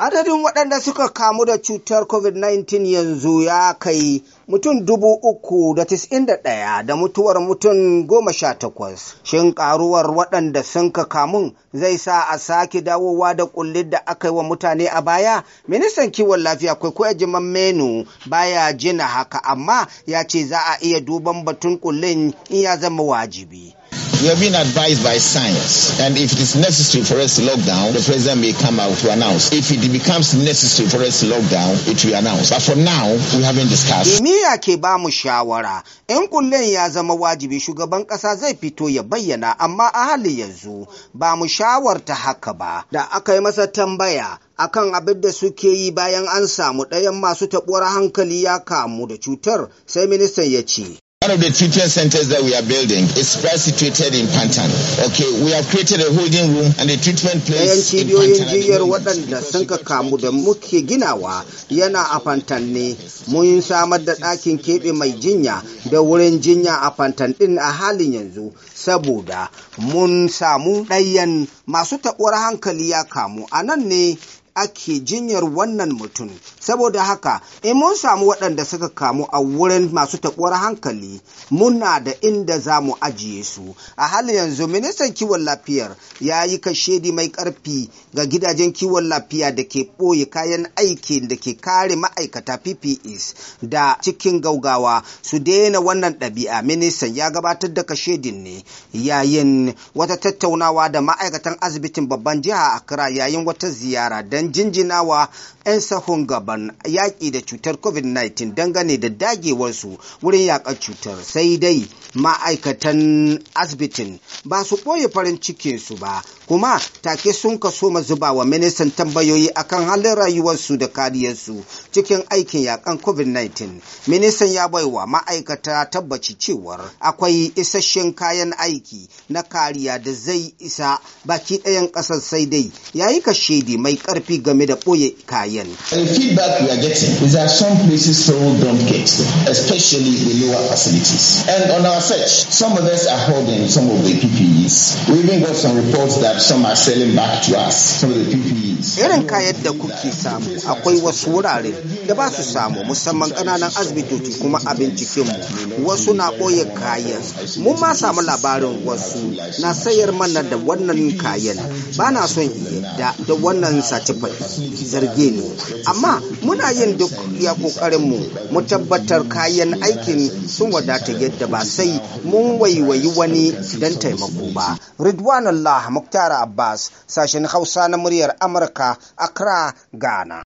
Adadin waɗanda suka kamu da cutar COVID-19 yanzu ya kai mutum dubu uku da tis'in da ɗaya da mutuwar mutum goma sha takwas. Shin ƙaruwar waɗanda sun ka kamun zai sa a sake dawowa da ƙullin da aka yi wa mutane a baya? Ministan kiwon lafiya kwaikwayo jiman menu baya jina haka amma ya ce za a iya duban batun ƙullin in ya zama wajibi. We have been advised by science. And if it is necessary for us to lock down, the president may come out to announce. If it becomes necessary for us to lock down, it will announce. But for now, we haven't discussed. Kimiyya ke ba mu shawara. In kullen ya zama wajibi shugaban kasa zai fito ya bayyana amma a hali yanzu ba mu shawarta haka ba. Da aka yi masa tambaya akan abin da suke yi bayan an samu ɗayan masu taɓuwar hankali ya kamu da cutar sai ministan ya ce One of the treatment centers that we are building is first situated in Pantan. Okay, we have created a holding room and a treatment place. Ɗayan cibiyoyin jiyar waɗanda sun ka kamu da muke ginawa yana a Pantan ne. Mun samar da ɗakin keɓe mai jinya da wurin jinya a Pantan ɗin a halin yanzu saboda mun samu ɗayan masu taɓuwar hankali ya kamu a nan ne ake jinyar wannan mutum saboda haka in mun samu waɗanda suka kamu a wurin masu taɓuwar hankali muna da inda za mu ajiye su a halin yanzu ministan kiwon lafiyar ya yi kashedi mai ƙarfi ga gidajen kiwon lafiya da ke ɓoye kayan aikin da ke kare ma'aikata ppes da cikin gaugawa su daina wannan ɗabi'a ministan ya gabatar da kashedin ne yayin wata tattaunawa da ma'aikatan asibitin babban jiha a kira yayin wata ziyara don jinjinawa 'yan sahun gaban yaƙi da cutar covid-19 dangane da dagewarsu wurin yaƙar cutar sai dai ma'aikatan asibitin ba su ɓoye farin cikinsu ba kuma take sun kaso zuba wa ministan tambayoyi akan halin rayuwarsu da kariyarsu cikin aikin yaƙan covid-19 ministan ya baiwa ma'aikata tabbaci cewar akwai isasshen kayan aiki na kariya da zai isa baki ɗayan ƙasar sai dai yayi shaidi mai ƙarfi korafi game da ɓoye kayan. The feedback we are getting is that some places still don't get, especially the lower facilities. And on our search, some of us are holding some of the PPEs. We even got some reports that some are selling back to us, some of the PPEs. Irin kayan da kuke samu akwai wasu wurare da ba su samu musamman ƙananan asibitoci kuma a mu wasu na ɓoye kayan. Mun ma samu labarin wasu na sayar mana da wannan kayan ba na son da wannan sace zarge ne amma muna yin duk ya ƙoƙarinmu mu tabbatar kayan aikin sun wadata yadda ba sai mun waiwayi wani don taimako ba ridwan allah muktara abbas sashen hausa na muryar amurka accra ghana